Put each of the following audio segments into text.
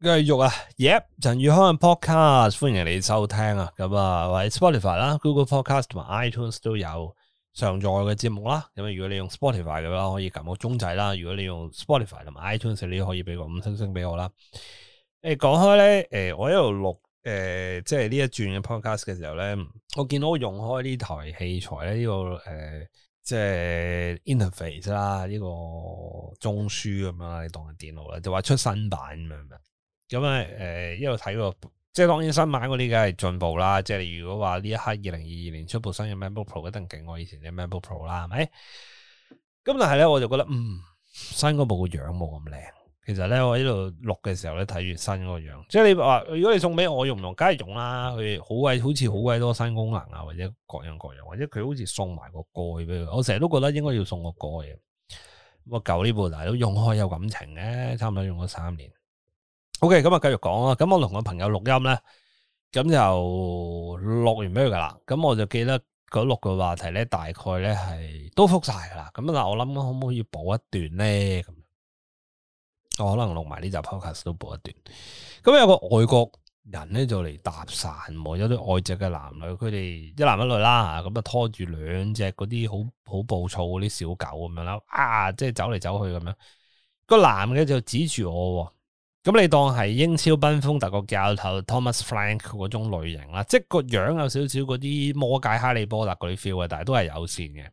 繼續啊，耶、yep！陳宇康嘅 podcast，歡迎你收聽啊。咁、嗯、啊，喺 Spotify 啦、Google Podcast 同埋 iTunes 都有上載嘅節目啦。咁、嗯、啊，如果你用 Spotify 嘅話，可以撳個鐘仔啦。如果你用 Spotify 同埋 iTunes，你可以俾個五星星俾我啦。誒、欸，講開咧，誒、呃，我喺度錄誒，即係呢一轉嘅 podcast 嘅時候咧，我見到我用開呢台器材咧，呢、這個誒、即、呃、係、就是、interface 啦，呢、這個中樞咁樣啦，你當係電腦啦，就話出新版咁樣。是咁啊，誒、嗯，一路睇、個，即係當然新買嗰啲梗係進步啦。即係你如果話呢一刻二零二二年出部新嘅 MacBook Pro 一定勁過以前嘅 MacBook Pro 啦，係咪？咁但係咧，我就覺得，嗯，新嗰部個樣冇咁靚。其實咧，我喺度錄嘅時候咧睇住新嗰個樣，即係你話、啊，如果你送俾我用唔用，梗係用啦。佢好鬼好似好鬼多新功能啊，或者各樣各樣，或者佢好似送埋個蓋俾我，我成日都覺得應該要送個蓋。我舊呢部大都用開有感情嘅，差唔多用咗三年。Ok，咁、嗯、啊，繼續講啦。咁、嗯、我同個朋友錄音咧，咁就錄完咩噶啦？咁、嗯、我就記得嗰六個話題咧，大概咧係都覆晒噶啦。咁、嗯、嗱，我諗可唔可以補一段咧？咁、嗯、我、哦、可能錄埋呢集 Podcast 都補一段。咁、嗯嗯、有個外國人咧就嚟搭訕，有啲外籍嘅男女，佢哋一男一女啦。咁、嗯、啊拖住兩隻嗰啲好好暴躁嗰啲小狗咁樣啦，啊，即、就、係、是、走嚟走去咁樣。那個男嘅就指住我。咁你當係英超賓福特個教頭 Thomas Frank 嗰種類型啦，即係個樣有少少嗰啲魔戒、哈利波特嗰啲 feel 嘅，但係都係有線嘅。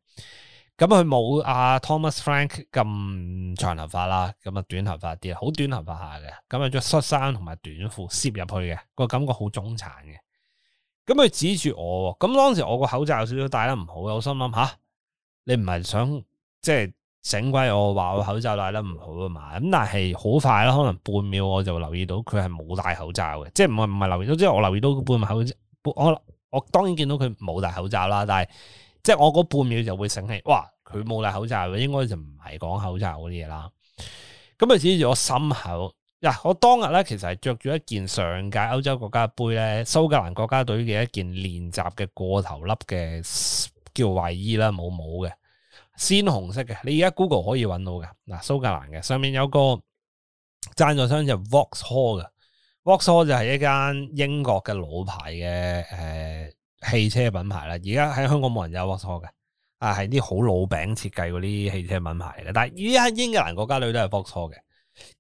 咁佢冇阿 Thomas Frank 咁長頭髮啦，咁啊短頭髮啲，好短頭髮下嘅。咁啊着恤衫同埋短褲攝入去嘅，個感覺好中產嘅。咁佢指住我，咁當時我個口罩有少少戴得唔好。我心諗吓，你唔係想即係？醒鬼我話我口罩戴得唔好啊嘛，咁但係好快啦，可能半秒我就留意到佢係冇戴口罩嘅，即係唔係唔係留意到，即係我留意到半副口罩，我我當然見到佢冇戴口罩啦，但係即係我嗰半秒就會醒起，哇，佢冇戴口罩，應該就唔係講口罩嗰啲嘢啦。咁啊，指住我心口嗱，啊，我當日咧其實係着住一件上屆歐洲國家杯咧蘇格蘭國家隊嘅一件練習嘅過頭笠嘅叫衛衣啦，冇帽嘅。鮮紅色嘅，你而家 Google 可以揾到噶。嗱，蘇格蘭嘅上面有個贊助商就 Vauxhall 嘅，Vauxhall 就係一間英國嘅老牌嘅誒、呃、汽車品牌啦。而家喺香港冇人有 Vauxhall 嘅，啊係啲好老餅設計嗰啲汽車品牌嘅。但係而家喺英格蘭國家隊都係 Vauxhall 嘅。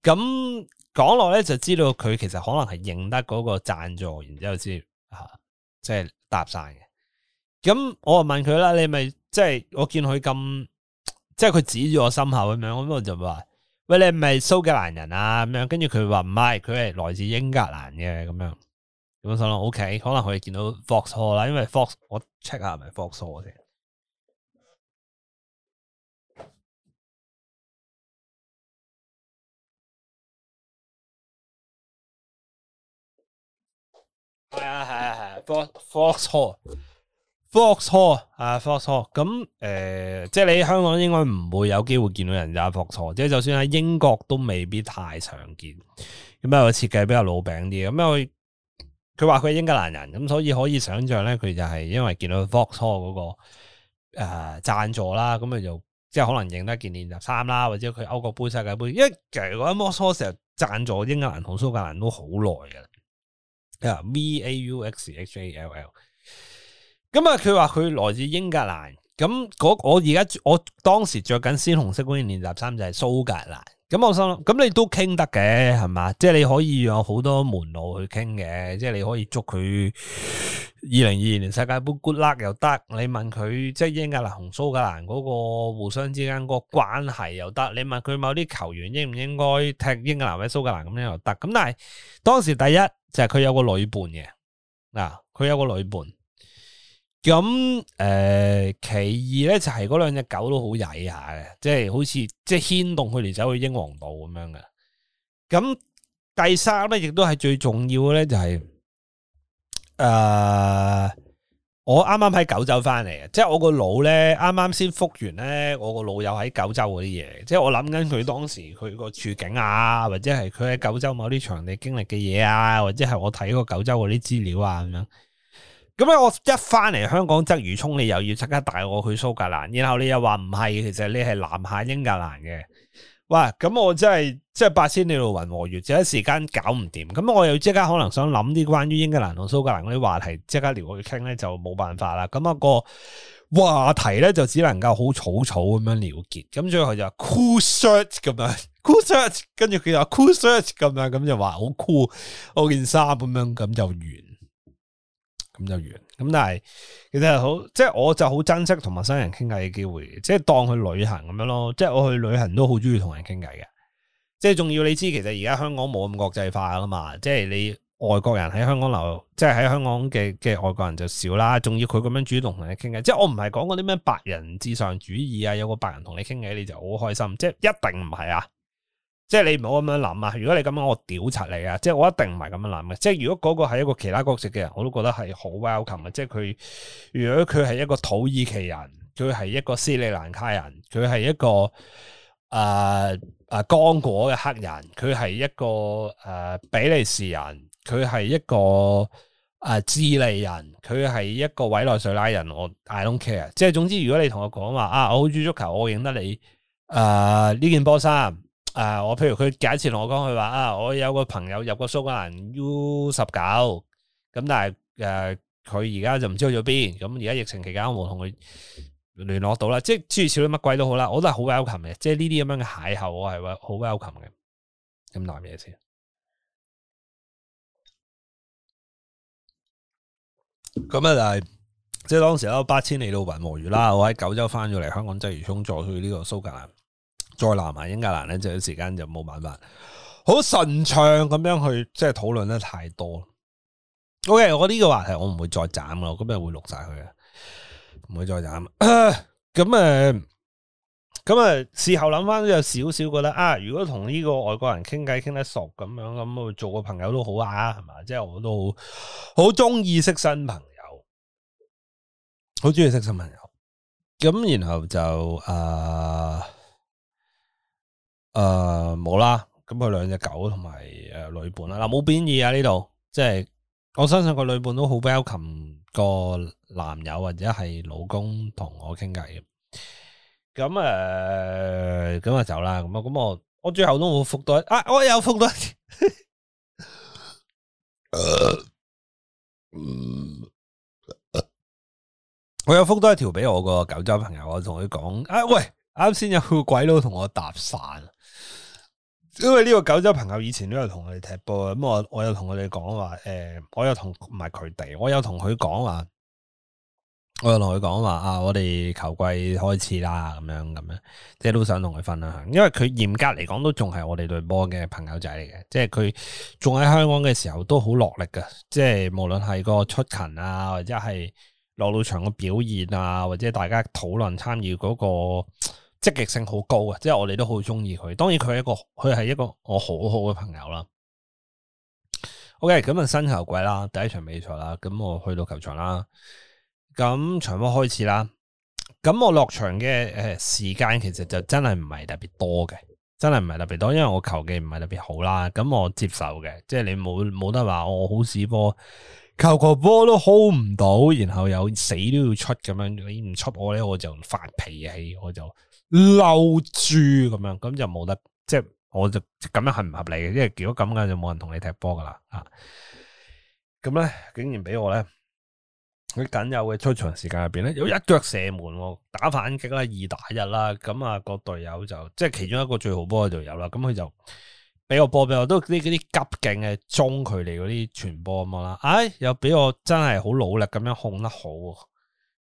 咁講落咧，就知道佢其實可能係認得嗰個贊助，然之後先吓，即係搭訕嘅。咁、就是、我啊問佢啦，你咪？即係我見佢咁，即係佢指住我心口咁樣，咁我就話喂，你唔係蘇格蘭人啊咁樣，跟住佢話唔係，佢係來自英格蘭嘅咁樣，咁我心諗 O K，可能佢見到 Fox Hall 啦，因為 Fox, 我是是、哎哎哎、Fox 我 check 下係咪 Fox Hall 先。係係係 Fox Hall。Vauxhall 啊、uh，Vauxhall 咁誒、呃，即係你香港應該唔會有機會見到人就打 Vauxhall，即係就算喺英國都未必太常見。咁啊，個設計比較老餅啲。咁啊，佢佢話佢係英格蘭人，咁所以可以想象咧，佢就係因為見到 Vauxhall 嗰、那個誒、呃、贊助啦，咁啊就即係可能認得件練習衫啦，或者佢歐國杯、世界杯，因為其實嗰啲 Vauxhall 成日贊助英格蘭同蘇格蘭都好耐嘅啦。V A U X H A L L 咁啊！佢話佢來自英格蘭，咁我而家我當時着緊鮮紅色嗰件練習衫就係蘇格蘭，咁我心諗，咁你都傾得嘅係嘛？即係你可以有好多門路去傾嘅，即係你可以捉佢二零二二年世界盃 good luck 又得，你問佢即係英格蘭同蘇格蘭嗰個互相之間個關係又得，你問佢某啲球員應唔應該踢英格蘭或者蘇格蘭咁樣又得。咁但係當時第一就係、是、佢有個女伴嘅，嗱、啊、佢有個女伴。咁誒、呃，其二咧就係嗰兩隻狗都好曳下嘅，即係好似即係牽動佢哋走去英皇道咁樣嘅。咁第三咧亦都係最重要嘅咧，就係、是、誒、呃，我啱啱喺九州翻嚟嘅，即係我個腦咧啱啱先復完咧，我個腦有喺九州嗰啲嘢，即係我諗緊佢當時佢個處境啊，或者係佢喺九州某啲場地經歷嘅嘢啊，或者係我睇過九州嗰啲資料啊咁樣。咁咧，我一翻嚟香港，鰂魚涌，你又要即刻帶我去蘇格蘭，然後你又話唔係，其實你係南下英格蘭嘅。哇！咁我真係即係八千里路雲和月，就一時間搞唔掂。咁我又即刻可能想諗啲關於英格蘭同蘇格蘭嗰啲話題，即刻撩去傾咧，就冇辦法啦。咁、那、啊個話題咧就只能夠好草草咁樣了結。咁最後就話 cool shirt 咁樣，cool shirt，跟住佢就話 cool shirt 咁樣，咁就話好 cool，我件衫咁樣，咁就完。咁就完，咁但係其實好，即係我就好珍惜同陌生人傾偈嘅機會，即係當去旅行咁樣咯，即係我去旅行都好中意同人傾偈嘅，即係仲要你知，其實而家香港冇咁國際化啦嘛，即係你外國人喺香港留，即係喺香港嘅嘅外國人就少啦，仲要佢咁樣主動同你傾偈，即係我唔係講嗰啲咩白人至上主義啊，有個白人同你傾偈，你就好開心，即係一定唔係啊。即係你唔好咁樣諗啊！如果你咁樣，我屌柒你啊！即係我一定唔係咁樣諗嘅。即係如果嗰個係一個其他國籍嘅人，我都覺得係好 welcome 啊。即係佢，如果佢係一個土耳其人，佢係一個斯里蘭卡人，佢係一個誒誒剛果嘅黑人，佢係一個誒、呃、比利時人，佢係一個誒、呃、智利人，佢係一個委內瑞拉人，我 I don't care。即係總之，如果你同我講話啊，我好中意足球，我認得你誒呢、呃、件波衫。啊！我譬如佢第一次同我講，佢話啊，我有個朋友入過蘇格蘭 U 十九，咁、呃、但係誒，佢而家就唔知去咗邊，咁而家疫情期間我冇同佢聯絡到啦。即係諸如此類乜鬼都好啦，我都係好 welcome 嘅。即係呢啲咁樣嘅邂逅，我係好 welcome 嘅。咁難嘢先。咁啊就係即係當時咧八千里路雲和雨啦，我喺九州翻咗嚟香港鰂魚涌坐去呢個蘇格蘭。再難埋英格蘭咧，就有時間就冇辦法，好順暢咁樣去即係討論得太多。O、okay, K，我呢個話題我唔會再斬噶，我今日會錄晒佢啊，唔會再斬。咁誒，咁 誒、嗯嗯嗯嗯，事後諗翻都有少少覺得啊，如果同呢個外國人傾偈傾得熟，咁樣咁做個朋友都好啊，係嘛？即係我都好，好中意識新朋友，好中意識新朋友。咁然後就啊。呃誒，冇啦，呃，咁佢兩隻狗同埋誒女伴啦，嗱冇變異啊呢度，即係我相信個女伴都好 welcome 個男友或者係老公同我傾偈咁誒咁啊走啦，咁啊咁我我最後都冇覆到，啊我又覆到，我有覆到一條俾、 uh, um, uh, 我個九州朋友，我同佢講，啊喂，啱先有個鬼佬同我搭訕。因為呢個九州朋友以前都有同我哋踢波，咁我我又同佢哋講話，誒、呃，我有同唔係佢哋，我有同佢講話，我有同佢講話啊，我哋球季開始啦，咁樣咁樣，即係都想同佢分享啦。因為佢嚴格嚟講都仲係我哋隊波嘅朋友仔嚟嘅，即係佢仲喺香港嘅時候都好落力噶，即係無論係個出勤啊，或者係落到場嘅表現啊，或者大家討論參與嗰個。積極性好高嘅，即係我哋都好中意佢。當然佢係一個，佢係一個我好好嘅朋友啦。OK，咁啊，新球季啦，第一場比賽啦，咁我去到球場啦，咁場波開始啦，咁我落場嘅誒時間其實就真係唔係特別多嘅，真係唔係特別多，因為我球技唔係特別好啦。咁我接受嘅，即係你冇冇得話我好屎波，球球波都 hold 唔到，然後又死都要出咁樣，你唔出我咧，我就發脾氣，我就。留住咁樣，咁就冇得，即係我就咁樣係唔合理嘅，因為如果咁嘅就冇人同你踢波噶啦啊！咁咧，竟然俾我咧喺緊有嘅出場時間入邊咧，有一腳射門打反擊啦，二打一啦，咁啊個隊友就即係其中一個最好波嘅隊友啦，咁佢就俾我波俾我都啲啲急勁嘅中距離嗰啲傳波咁啦，唉、啊，又俾我真係好努力咁樣控得好。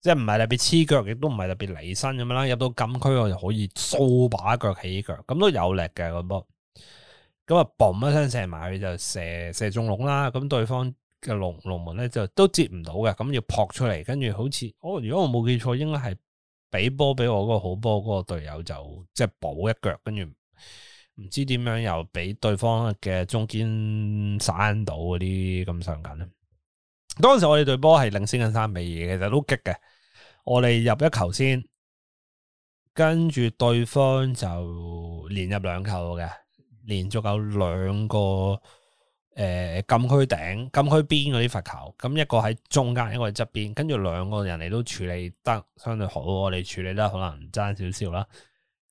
即係唔係特別黐腳，亦都唔係特別離身咁樣啦。入到禁區我就可以掃把腳起腳，咁都有力嘅咁波。咁啊，嘣一聲射埋去就射射中籠啦。咁對方嘅籠籠門咧就都接唔到嘅。咁要撲出嚟，跟住好似哦。如果我冇記錯，應該係俾波俾我嗰個好波嗰個隊友就即係補一腳，跟住唔知點樣又俾對方嘅中堅散到嗰啲咁上緊。當時我哋隊波係領先緊三比二嘅，其實都激嘅。我哋入一球先，跟住對方就連入兩球嘅，連續有兩個誒、呃、禁區頂、禁區邊嗰啲罰球，咁一個喺中間，一個喺側邊，跟住兩個人嚟，都處理得相對好，我哋處理得可能爭少少啦。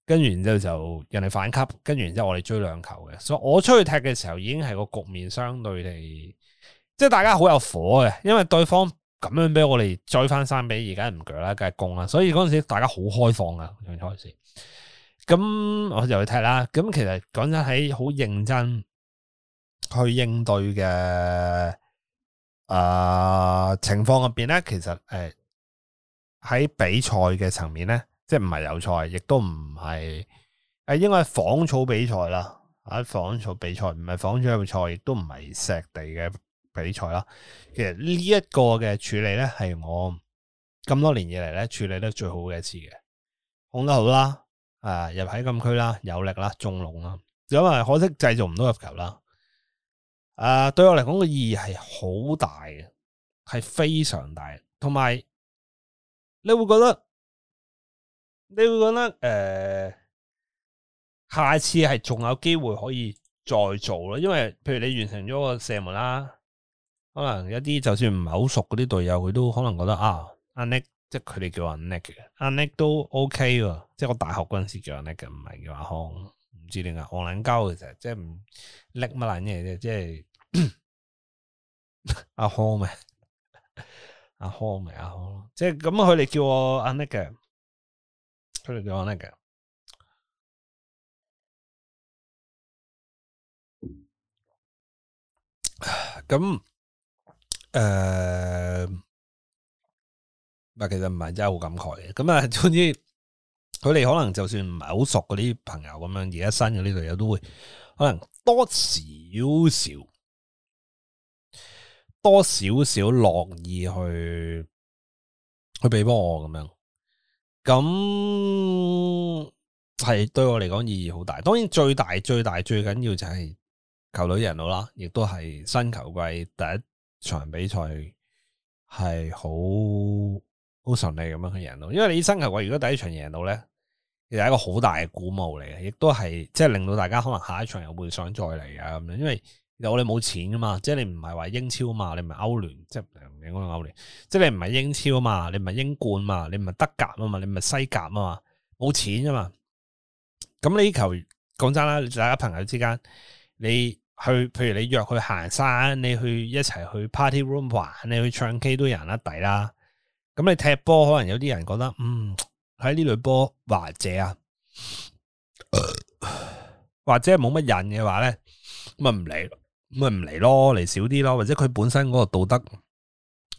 跟住然之後就人哋反擊，跟住然之後我哋追兩球嘅，所以我出去踢嘅時候已經係個局面相對地，即係大家好有火嘅，因為對方。咁樣俾我哋追翻三比二，梗係唔鋸啦，梗係攻啦。所以嗰陣時大家好開放啊，開始。咁我就去踢啦。咁其實講真，喺好認真去應對嘅啊、呃、情況入邊咧，其實誒喺、呃、比賽嘅層面咧，即係唔係有賽，亦都唔係誒，應該係仿草比賽啦。啊，仿草比賽唔係仿草嘅賽，亦都唔係石地嘅。比賽啦，其實呢一個嘅處理咧係我咁多年以嚟咧處理得最好嘅一次嘅，控得好啦，啊、呃、入喺禁區啦，有力啦，中籠啦，因為可惜製造唔到入球啦，啊、呃、對我嚟講嘅意義係好大嘅，係非常大，同埋你會覺得你會覺得誒、呃，下次係仲有機會可以再做咯，因為譬如你完成咗個射門啦。可能一啲就算唔係好熟嗰啲隊友，佢都可能覺得啊，阿 Nick 即係佢哋叫我 Nick 嘅，阿 Nick 都 OK 喎。即係我大學嗰陣時叫阿 Nick 嘅，唔係叫阿康，唔知點解我難交其實，即係唔叻乜爛嘢啫，即係阿康咩？阿康咩？阿、啊、康、啊啊啊啊啊啊啊，即係咁佢哋叫我阿 Nick 嘅，佢哋叫我 Nick 嘅，咁。啊誒，唔、呃、其實唔係真係好感慨嘅。咁啊，總之，佢哋可能就算唔係好熟嗰啲朋友咁樣，而家新嘅呢度嘢都會，可能多少少，多少少樂意去去俾幫我咁樣。咁係對我嚟講意義好大。當然最大、最大最、最緊要就係球隊贏到啦，亦都係新球季第一。場比賽係好好順利咁樣去贏到，因為你新球話如果第一場贏到咧，其實係一個好大嘅鼓舞嚟嘅，亦都係即係令到大家可能下一場又會想再嚟啊咁樣，因為有你冇錢噶嘛，即係你唔係話英超啊嘛，你唔係歐聯，即係唔係講歐聯，即係你唔係英超啊嘛，你唔係英冠嘛，你唔係德甲啊嘛，你唔係西甲啊嘛，冇錢啊嘛，咁呢球講真啦，大家朋友之間你。去，譬如你約佢行山，你去一齊去 party room 玩，你去唱 K 都有人甩底啦。咁你踢波可能有啲人覺得，嗯，喺呢類波或者啊，或者冇乜人嘅話咧，咁咪唔嚟，咁咪唔嚟咯，嚟少啲咯，或者佢本身嗰個道德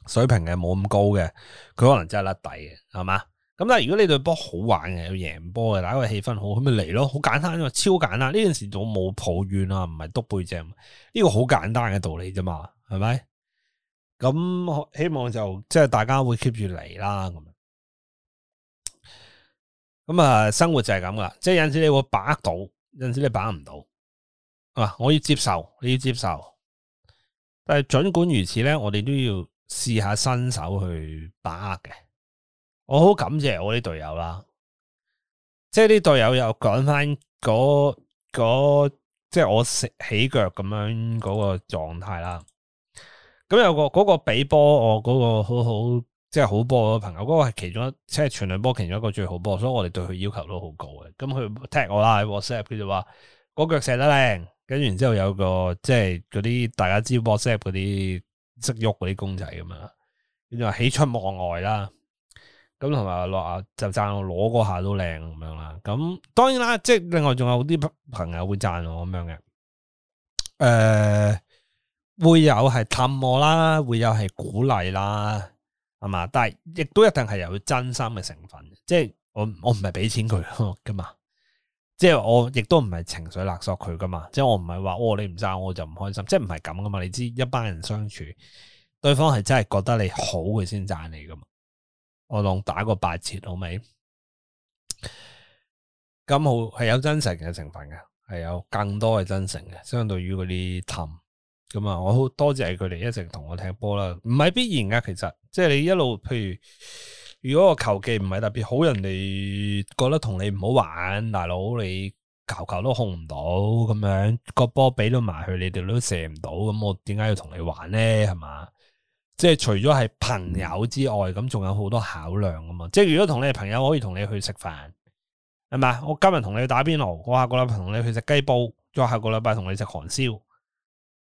水平係冇咁高嘅，佢可能真係甩底嘅，係嘛？咁但係如果你對波好玩嘅，要贏波嘅，第一個氣氛好，咁咪嚟咯，好簡單啊，超簡單。呢件事仲冇抱怨啊，唔係督背脊，呢、這個好簡單嘅道理啫嘛，係咪？咁希望就即係大家會 keep 住嚟啦，咁樣。咁啊，生活就係咁噶，即係有陣時你會把握到，有陣時你把握唔到，啊，我要接受，我要接受。但係盡管如此咧，我哋都要試下伸手去把握嘅。我好感謝我啲隊友啦，即係啲隊友又講翻嗰即係我起腳咁樣嗰個狀態啦。咁有個嗰個比波我，我、那、嗰個好好即係好波嘅朋友，嗰個係其中一即係全隊波其中一個最好波，所以我哋對佢要求都好高嘅。咁佢踢我啦，喺 WhatsApp 佢就話嗰腳射得靚，跟住然之後有個即係嗰啲大家知 WhatsApp 嗰啲識喐嗰啲公仔咁啊，佢就話喜出望外啦。咁同埋阿樂啊，就讚我攞嗰下都靚咁樣啦。咁當然啦，即係另外仲有啲朋友會讚我咁樣嘅，誒、呃，會有係氹我啦，會有係鼓勵啦，係嘛？但係亦都一定係有真心嘅成分。即係我我唔係俾錢佢噶嘛，即係我亦都唔係情緒勒索佢噶嘛。即係我唔係話哦你唔讚我就唔開心，即係唔係咁噶嘛？你知一班人相處，對方係真係覺得你好佢先讚你噶嘛？我當打個八折好未？咁好，係有真誠嘅成分嘅，係有更多嘅真誠嘅，相對於嗰啲氹咁啊！我好多謝佢哋一直同我踢波啦，唔係必然噶。其實即係你一路，譬如，如果我球技唔係特別好，人哋覺得同你唔好玩，大佬你球球都控唔到，咁樣個波俾到埋去，你哋都射唔到，咁我點解要同你玩咧？係嘛？即係除咗係朋友之外，咁仲有好多考量噶嘛。即係如果同你嘅朋友，可以同你去食飯，係咪？我今日同你去打邊爐，我下個禮拜同你去食雞煲，再下個禮拜同你食韓燒，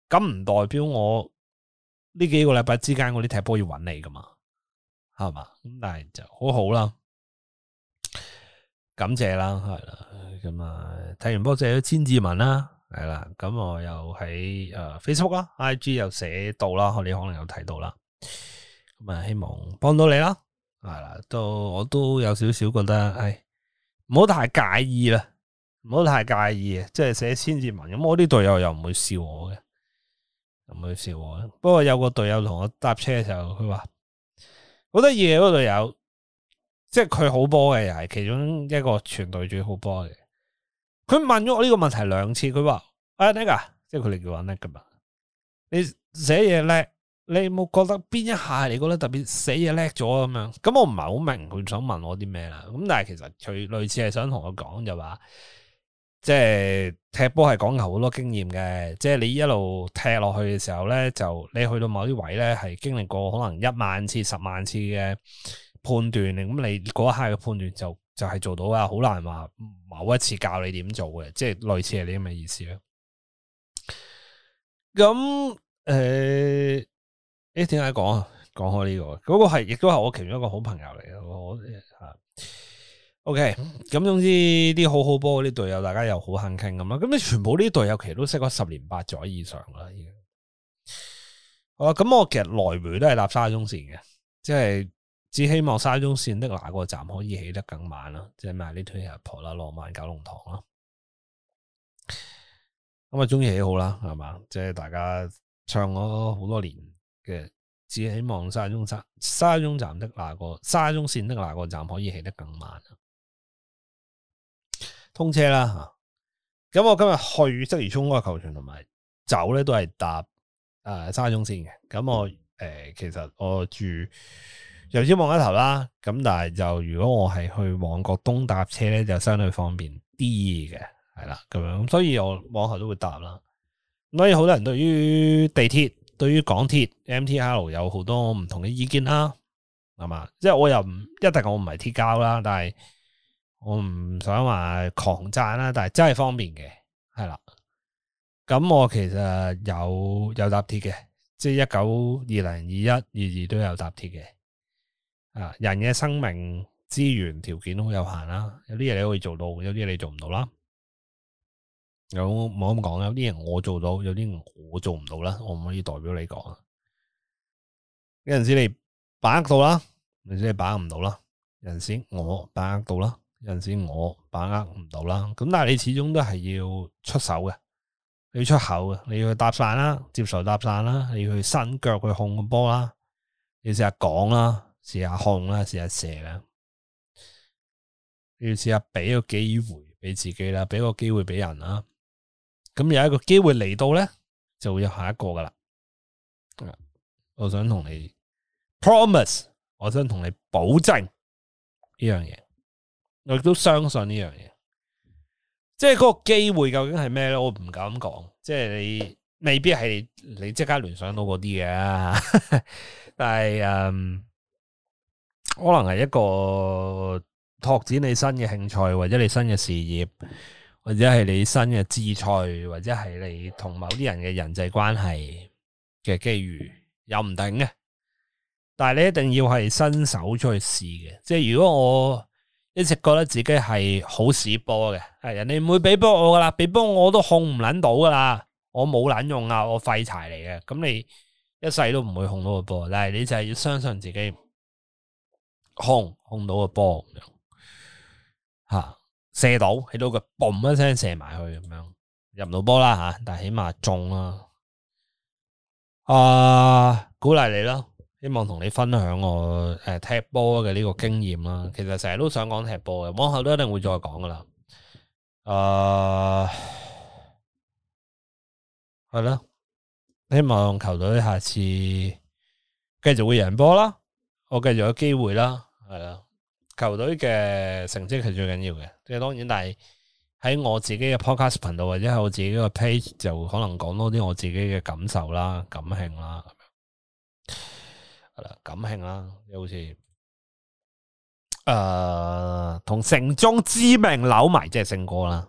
咁唔代表我呢幾個禮拜之間我啲踢波要搵你噶嘛？係嘛？咁但係就好好啦，感謝啦，係啦，咁啊，睇完波借咗千字文啦。係啦，咁我又喺誒 Facebook 啦、IG 又寫到啦，你可能有睇到啦。咁啊，希望幫到你啦。係啦，都我都有少少覺得，唉，唔好太介意啦，唔好太介意，即係寫千字文。咁我啲隊友又唔會笑我嘅，又唔會笑我。不過有個隊友同我搭車嘅時候，佢話好得意嗰隊友，即係佢好波嘅，又係其中一個全隊最好波嘅。佢問咗我呢個問題兩次，佢話：誒叻噶，即係佢哋叫話叻噶嘛？你寫嘢叻，你冇覺得邊一下你覺得特別寫嘢叻咗咁樣？咁我唔係好明佢想問我啲咩啦。咁但係其實佢類似係想同我講就話，即係踢波係講求好多經驗嘅。即係你一路踢落去嘅時候咧，就你去到某啲位咧，係經歷過可能一萬次、十萬次嘅判斷。咁你嗰一刻嘅判斷就。就係做到啊，好難話某一次教你點做嘅，即係類似係啲咁嘅意思咯。咁誒，誒點解講啊？講開呢個，嗰、嗰個係亦都係我其中一個好朋友嚟嘅。我吓，OK。咁總之啲好好波，啲隊友大家又好肯傾咁啦。咁你全部啲隊友其實都識咗十年八載以上啦，已經、嗯。好啦，咁我其實來回都係搭沙中線嘅，即係。只希望沙中線的哪個站可以起得更慢啦，即係弥呢？頓日婆啦、浪漫九龍塘啦，咁啊，中意起好啦，係嘛？即係大家唱咗好多年嘅。只希望沙中沙沙中站的那個沙中線的哪個站可以起得更慢啊？通車啦吓！咁、啊、我今日去鰂魚涌個球場同埋走咧，都係搭誒、呃、沙中線嘅。咁我誒、呃，其實我住。有先望一頭啦，咁但係就如果我係去旺角東搭車咧，就相對方便啲嘅，係啦咁樣，所以我往後都會搭啦。所以好多人對於地鐵、對於港鐵、M T L 有好多唔同嘅意見啦，係嘛，即係我又唔一定我唔係鐵交啦，但係我唔想話狂讚啦，但係真係方便嘅，係啦。咁我其實有有搭鐵嘅，即係一九、二零、二一、二二都有搭鐵嘅。啊！人嘅生命資源條件都有限啦，有啲嘢你可以做到，有啲嘢你做唔到啦。有冇咁講？有啲嘢我做到，有啲我做唔到啦。我唔可以代表你講啊。有陣時你把握到啦，有陣時你把握唔到啦。有陣時我把握到啦，有陣時我把握唔到啦。咁但係你始終都係要出手嘅，你要出口嘅，你要去搭訕啦，接受搭訕啦，你要去伸腳去控個波啦，你要成日講啦。試下控啦，試下射啦，要試下俾個機會俾自己啦，俾個機會俾人啦。咁有一個機會嚟到咧，就會有下一個噶啦。我想同你 promise，我想同你保證呢樣嘢，我亦都相信呢樣嘢。嗯、即係嗰個機會究竟係咩咧？我唔敢咁講。即係你未必係你，你即刻聯想到嗰啲嘅， 但係嗯。可能係一個拓展你新嘅興趣，或者你新嘅事業，或者係你新嘅志趣，或者係你同某啲人嘅人際關係嘅機遇，又唔定嘅。但係你一定要係伸手出去試嘅。即係如果我一直覺得自己係好屎波嘅，係人哋唔會俾波我噶啦，俾波我都控唔捻到噶啦，我冇撚用啊，我廢柴嚟嘅。咁你一世都唔會控到個波，但係你就係要相信自己。控控到個波咁樣吓射到，起到佢嘣一聲射埋去咁樣入唔到波啦吓，但、啊、係起碼中啦、啊。啊，鼓勵你啦，希望同你分享我誒、呃、踢波嘅呢個經驗啦、啊。其實成日都想講踢波嘅，往後都一定會再講噶啦。誒、啊，係咯，希望球隊下次繼續會贏波啦。我繼續有機會啦，係啦，球隊嘅成績係最緊要嘅。即係當然，但係喺我自己嘅 podcast 頻道或者係我自己個 page，就可能講多啲我自己嘅感受啦、感興啦，係啦，感興啦，又好似誒、呃、同城中知名扭埋即係勝哥啦，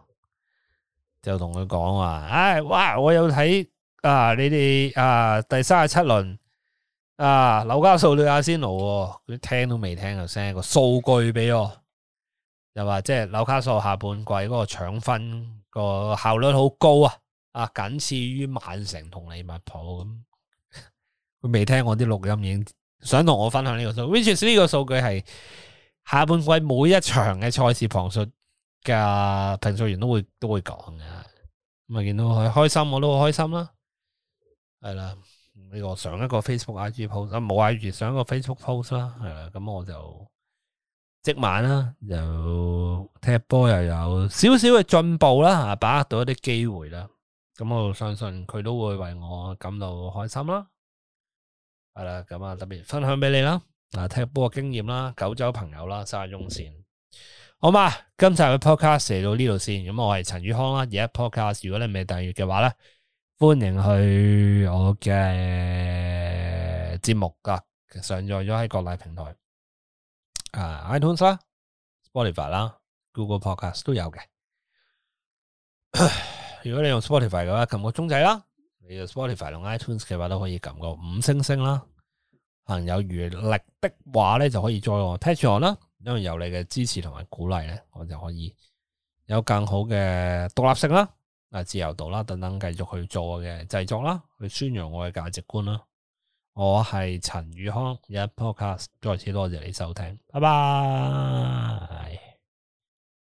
就同佢講話，唉、哎，哇，我有睇啊、呃，你哋啊、呃、第三十七輪。啊，紐卡素對阿仙奴，佢聽都未聽就 send 個數據俾我，又話即係紐卡素下半季嗰個搶分個效率好高啊，啊，僅次於曼城同利物浦咁，佢 未聽我啲錄音已經想同我分享呢個數，which is 呢個數據係下半季每一場嘅賽事旁述嘅評述員都會都會講嘅，咁啊見到佢開心，我都好開心啦，係啦。呢、這個上一個 Facebook IG post 啊，冇 IG 上一個 Facebook post 啦、啊，係啦，咁我就即晚啦，有、啊、踢波又有少少嘅進步啦，啊，把握到一啲機會啦，咁、啊、我相信佢都會為我感到開心啦。係、啊、啦，咁啊特別分享俾你啦，啊踢波嘅經驗啦，九州朋友啦，卅鐘先，好嘛？今集嘅 podcast 嚟到呢度先，咁我係陳宇康啦，而家 podcast 如果你未訂閱嘅話咧。歡迎去我嘅節目噶、其實，上載咗喺各大平台，啊，iTunes 啦，Spotify 啦，Google Podcast 都有嘅。 如果你用 Spotify 嘅話，撳個鐘仔啦，你用 Spotify 同 iTunes 嘅話，都可以撳個五星星啦。行有餘力的話咧，就可以再用我 Touch 我啦，因為有你嘅支持同埋鼓勵咧，我就可以有更好嘅獨立性啦。啊！自由度啦，等等，繼續去做嘅製作啦，去宣揚我嘅價值觀啦。我係陳宇康，有一 podcast 再次多謝你收聽，拜拜 Bye bye.、哎。